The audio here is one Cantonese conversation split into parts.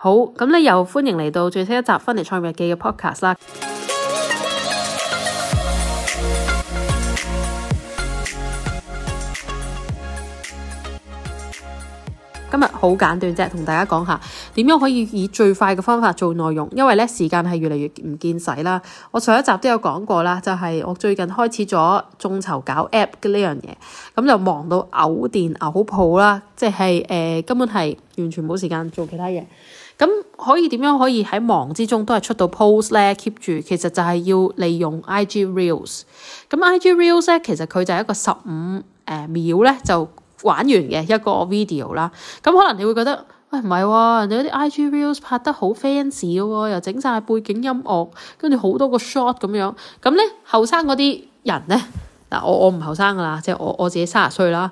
好，咁呢又歡迎嚟到最新一集《芬尼創業記》嘅 podcast 啦。今日好簡短啫，同大家講下點樣可以以最快嘅方法做內容，因為呢時間係越嚟越唔見使啦。我上一集都有講過啦，就係、是、我最近開始咗眾籌搞 app 嘅呢樣嘢，咁就忙到嘔電嘔泡啦，即係誒、呃，根本係完全冇時間做其他嘢。咁可以點樣可以喺忙之中都係出到 post 咧？keep 住其實就係要利用 IG reels。咁 IG reels 咧，其實佢就係一個十五誒秒咧就玩完嘅一個 video 啦。咁可能你會覺得喂，唔係喎，人哋嗰啲 IG reels 拍得好 fans 喎，又整晒背景音樂，跟住好多個 shot 咁樣。咁咧後生嗰啲人咧，嗱，我我唔後生噶啦，即係我我自己三十歲啦。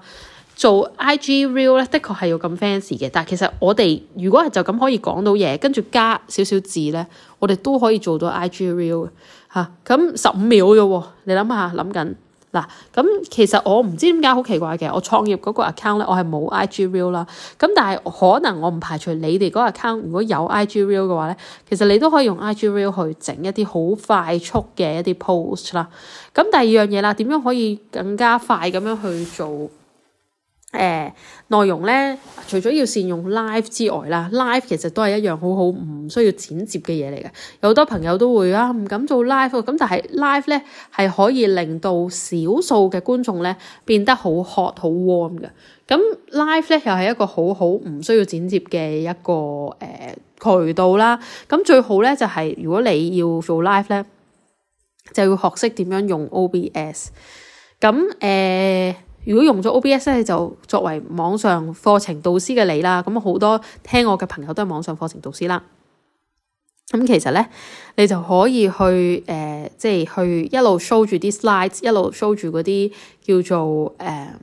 做 I G Reel 咧，的確係要咁 fancy 嘅，但係其實我哋如果係就咁可以講到嘢，跟住加少少字咧，我哋都可以做到 I G Reel 吓，咁十五秒啫喎，你諗下諗緊嗱。咁、啊、其實我唔知點解好奇怪嘅，我創業嗰個 account 咧，我係冇 I G Reel 啦。咁但係可能我唔排除你哋嗰個 account 如果有 I G Reel 嘅話咧，其實你都可以用 I G Reel 去整一啲好快速嘅一啲 post 啦。咁第二樣嘢啦，點樣可以更加快咁樣去做？誒內、呃、容咧，除咗要善用 live 之外啦，live 其實都係一樣好好唔需要剪接嘅嘢嚟嘅。有好多朋友都會啊，唔敢做 live，咁但係 live 咧係可以令到少數嘅觀眾咧變得好 hot、好 warm 嘅。咁 live 咧又係一個好好唔需要剪接嘅一個誒、呃、渠道啦。咁最好咧就係、是、如果你要做 live 咧，就要學識點樣用 OBS。咁誒。呃如果用咗 OBS 咧，你就作為網上課程導師嘅你啦，咁、嗯、好多聽我嘅朋友都係網上課程導師啦。咁、嗯、其實咧，你就可以去誒，即、呃、係、就是、去一路 show 住啲 slide，s 一路 show 住嗰啲叫做誒誒。呃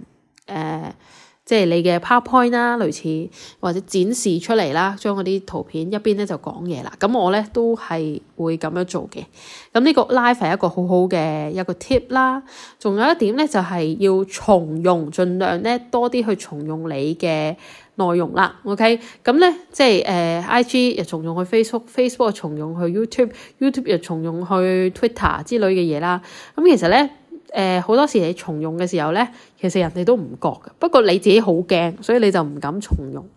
呃即係你嘅 PowerPoint 啦，類似或者展示出嚟啦，將嗰啲圖片一邊咧就講嘢啦。咁我咧都係會咁樣做嘅。咁呢個 live 係一個好好嘅一個 tip 啦。仲有一點咧就係、是、要重用，盡量咧多啲去重用你嘅內容啦。OK，咁咧即係誒、呃、IG 又重用去 Facebook，Facebook 又重用去 YouTube，YouTube 又重用去 Twitter 之類嘅嘢啦。咁其實咧。誒好、呃、多時你重用嘅時候咧，其實人哋都唔覺嘅。不過你自己好驚，所以你就唔敢重用。誒、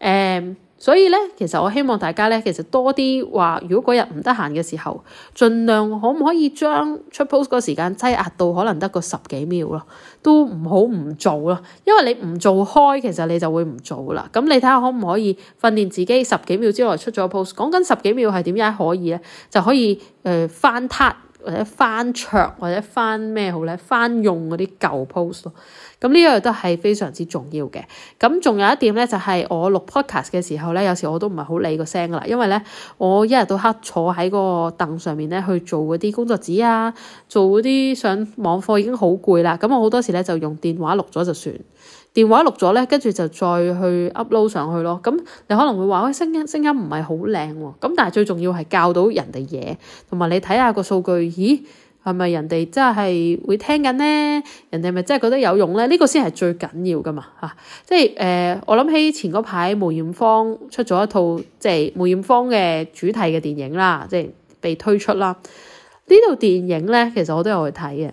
呃，所以咧，其實我希望大家咧，其實多啲話，如果嗰日唔得閒嘅時候，儘量可唔可以將出 post 嗰個時間擠壓到可能得個十幾秒咯，都唔好唔做啦。因為你唔做開，其實你就會唔做啦。咁你睇下可唔可以訓練自己十幾秒之內出咗 post，講緊十幾秒係點解可以咧，就可以誒、呃、翻撻。或者翻桌或者翻咩好咧，翻用嗰啲舊 post 咯，咁呢樣都係非常之重要嘅。咁仲有一點咧，就係我錄 podcast 嘅時候咧，有時我都唔係好理個聲噶啦，因為咧我一日到黑坐喺個凳上面咧去做嗰啲工作紙啊，做嗰啲上網課已經好攰啦，咁我好多時咧就用電話錄咗就算。電話錄咗咧，跟住就再去 upload 上去咯。咁你可能會話：喂，聲音聲音唔係好靚喎。咁但係最重要係教到人哋嘢，同埋你睇下個數據，咦，係咪人哋真係會聽緊咧？人哋咪真係覺得有用咧？呢個先係最緊要噶嘛，吓。即係誒，我諗起前嗰排梅艷芳出咗一套，即係梅艷芳嘅主題嘅電影啦，即係被推出啦。呢套電影咧，其實我都有去睇嘅。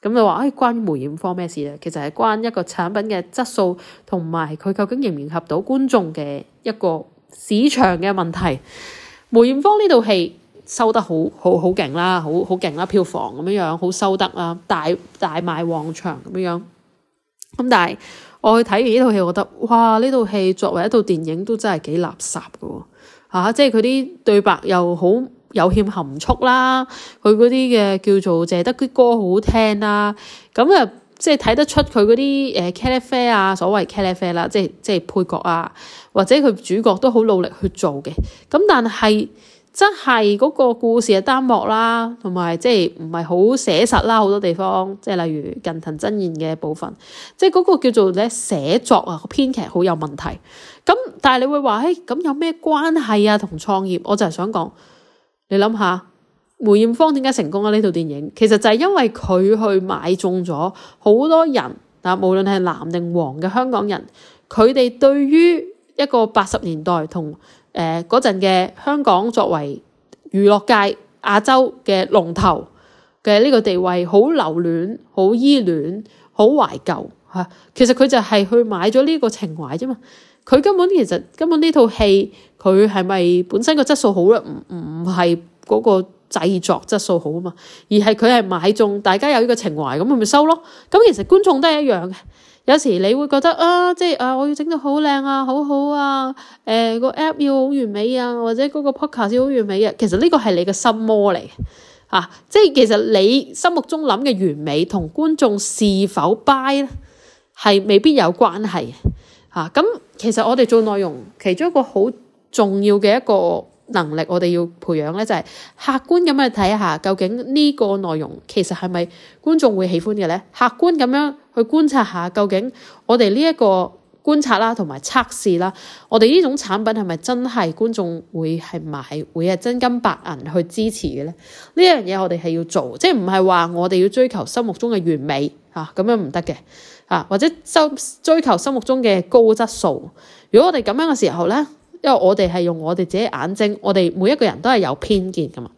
咁你話誒，關於梅艷芳咩事咧？其實係關一個產品嘅質素，同埋佢究竟迎唔迎合到觀眾嘅一個市場嘅問題。梅艷芳呢套戲收得好好好勁啦，好好勁啦，票房咁樣樣好收得啦，大大賣旺場咁樣樣。咁但係我去睇完呢套戲，我覺得哇，呢套戲作為一套電影都真係幾垃圾噶，吓！即係佢啲對白又好。有欠含蓄啦，佢嗰啲嘅叫做，淨係得啲歌好聽啦。咁啊、呃，即係睇得出佢嗰啲誒 catfe 啊，所謂 catfe 啦，即係即係配角啊，或者佢主角都好努力去做嘅。咁但係真係嗰個故事嘅單幕啦，同埋即係唔係好寫實啦，好多地方即係例如近藤真彥嘅部分，即係嗰個叫做咧寫作啊，編劇好有問題。咁但係你會話誒咁有咩關係啊？同創業，我就係想講。你諗下，梅艷芳點解成功啊？呢套電影其實就係因為佢去買中咗好多人，嗱，無論係藍定黃嘅香港人，佢哋對於一個八十年代同呃嗰陣嘅香港作為娛樂界亞洲嘅龍頭嘅呢個地位，好留戀、好依戀、好懷舊。嚇，其實佢就係去買咗呢個情懷啫嘛。佢根本其實根本呢套戲佢係咪本身個質素好咧？唔唔唔係嗰個製作質素好啊嘛，而係佢係買中大家有呢個情懷咁，佢咪收咯。咁其實觀眾都係一樣嘅。有時你會覺得啊，即係啊，我要整到好靚啊，好好啊，誒、呃這個 app 要好完美啊，或者嗰個 podcast 好完美啊。」其實呢個係你嘅心魔嚟嚇、啊，即係其實你心目中諗嘅完美同觀眾是否 buy 咧？.係未必有關係，吓、啊、咁其實我哋做內容其中一個好重要嘅一個能力，我哋要培養咧，就係、是、客觀咁去睇下究竟呢個內容其實係咪觀眾會喜歡嘅咧？客觀咁樣去觀察下究竟我哋呢一個。觀察啦，同埋測試啦，我哋呢種產品係咪真係觀眾會係買，會係真金白銀去支持嘅咧？呢樣嘢我哋係要做，即係唔係話我哋要追求心目中嘅完美吓，咁樣唔得嘅吓，或者追求心目中嘅高質素。如果我哋咁樣嘅時候咧，因為我哋係用我哋自己眼睛，我哋每一個人都係有偏見噶嘛。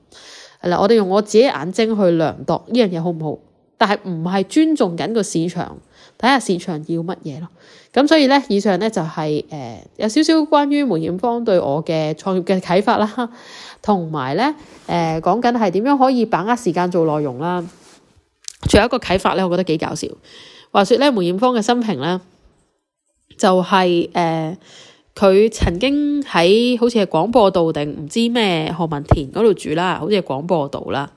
嗱，我哋用我自己眼睛去量度呢樣嘢好唔好？但係唔係尊重緊個市場，睇下市場要乜嘢咯。咁所以呢，以上呢就係誒有少少關於梅艷芳對我嘅創業嘅啟發啦，同埋呢，誒講緊係點樣可以把握時間做內容啦。仲有一個啟發呢，我覺得幾搞笑。話說呢，梅艷芳嘅生平呢，就係誒佢曾經喺好似係廣播道定唔知咩何文田嗰度住啦，好似係廣播道啦。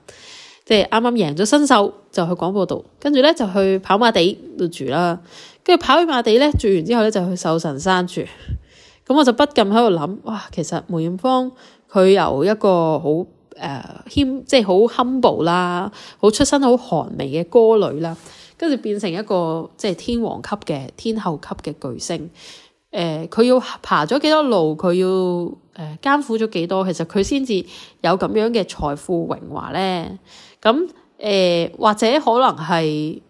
即係啱啱贏咗新秀，就去廣播度，跟住咧，就去跑馬地度住啦。跟住跑去馬地咧，住完之後咧，就去壽臣山住。咁、嗯、我就不禁喺度諗，哇！其實梅艷芳佢由一個好誒、呃、謙，即係好 humble 啦，好出身好寒微嘅歌女啦，跟住變成一個即係天王級嘅天后級嘅巨星。誒、呃，佢要爬咗幾多路，佢要誒、呃、艱苦咗幾多，其實佢先至有咁樣嘅財富榮華咧。咁誒、呃，或者可能係，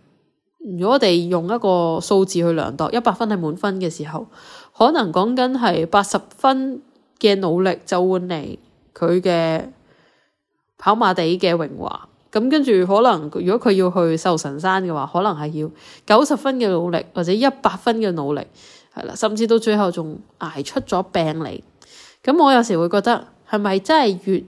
如果我哋用一個數字去量度，一百分係滿分嘅時候，可能講緊係八十分嘅努力就換嚟佢嘅跑馬地嘅榮華。咁跟住可能，如果佢要去壽臣山嘅話，可能係要九十分嘅努力，或者一百分嘅努力係啦，甚至到最後仲捱出咗病嚟。咁我有時會覺得係咪真係越誒、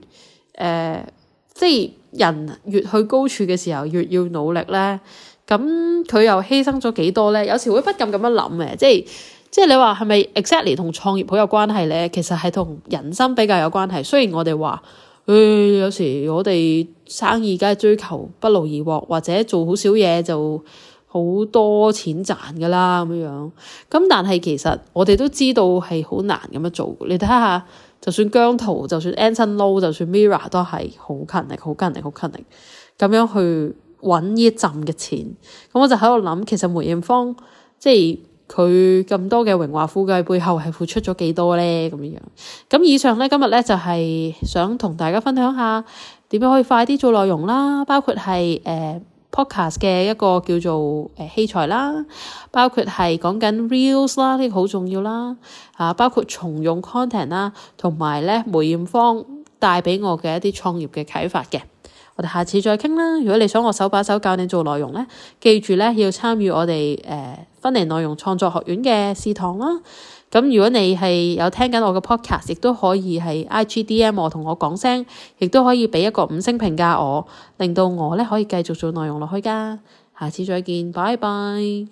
呃，即係？人越去高處嘅時候，越要努力咧。咁佢又犧牲咗幾多咧？有時會不禁咁樣諗嘅，即係即係你話係咪 exactly 同創業好有關係咧？其實係同人生比較有關係。雖然我哋話，誒、欸、有時我哋生意梗係追求不勞而獲，或者做好少嘢就好多錢賺㗎啦咁樣。咁但係其實我哋都知道係好難咁樣做。你睇下。就算姜濤，就算 Anson Lo，就算 Mirror 都係好勤力、好勤力、好勤力咁樣去揾呢一陣嘅錢。咁我就喺度諗，其實梅艷芳即係佢咁多嘅榮華富貴背後係付出咗幾多咧？咁樣。咁以上咧，今日咧就係、是、想同大家分享下點樣可以快啲做內容啦，包括係誒、呃 Podcast 嘅一個叫做誒、呃、器材啦，包括係講緊 Reels 啦，呢、這個好重要啦，啊包括重用 Content 啦，同埋咧梅艷芳帶俾我嘅一啲創業嘅啟發嘅，我哋下次再傾啦。如果你想我手把手教你做內容咧，記住咧要參與我哋誒、呃、芬尼內容創作學院嘅試堂啦。咁如果你係有聽緊我嘅 podcast，亦都可以係 IGDM 我同我講聲，亦都可以畀一個五星評價我，令到我咧可以繼續做內容落去㗎。下次再見，拜拜。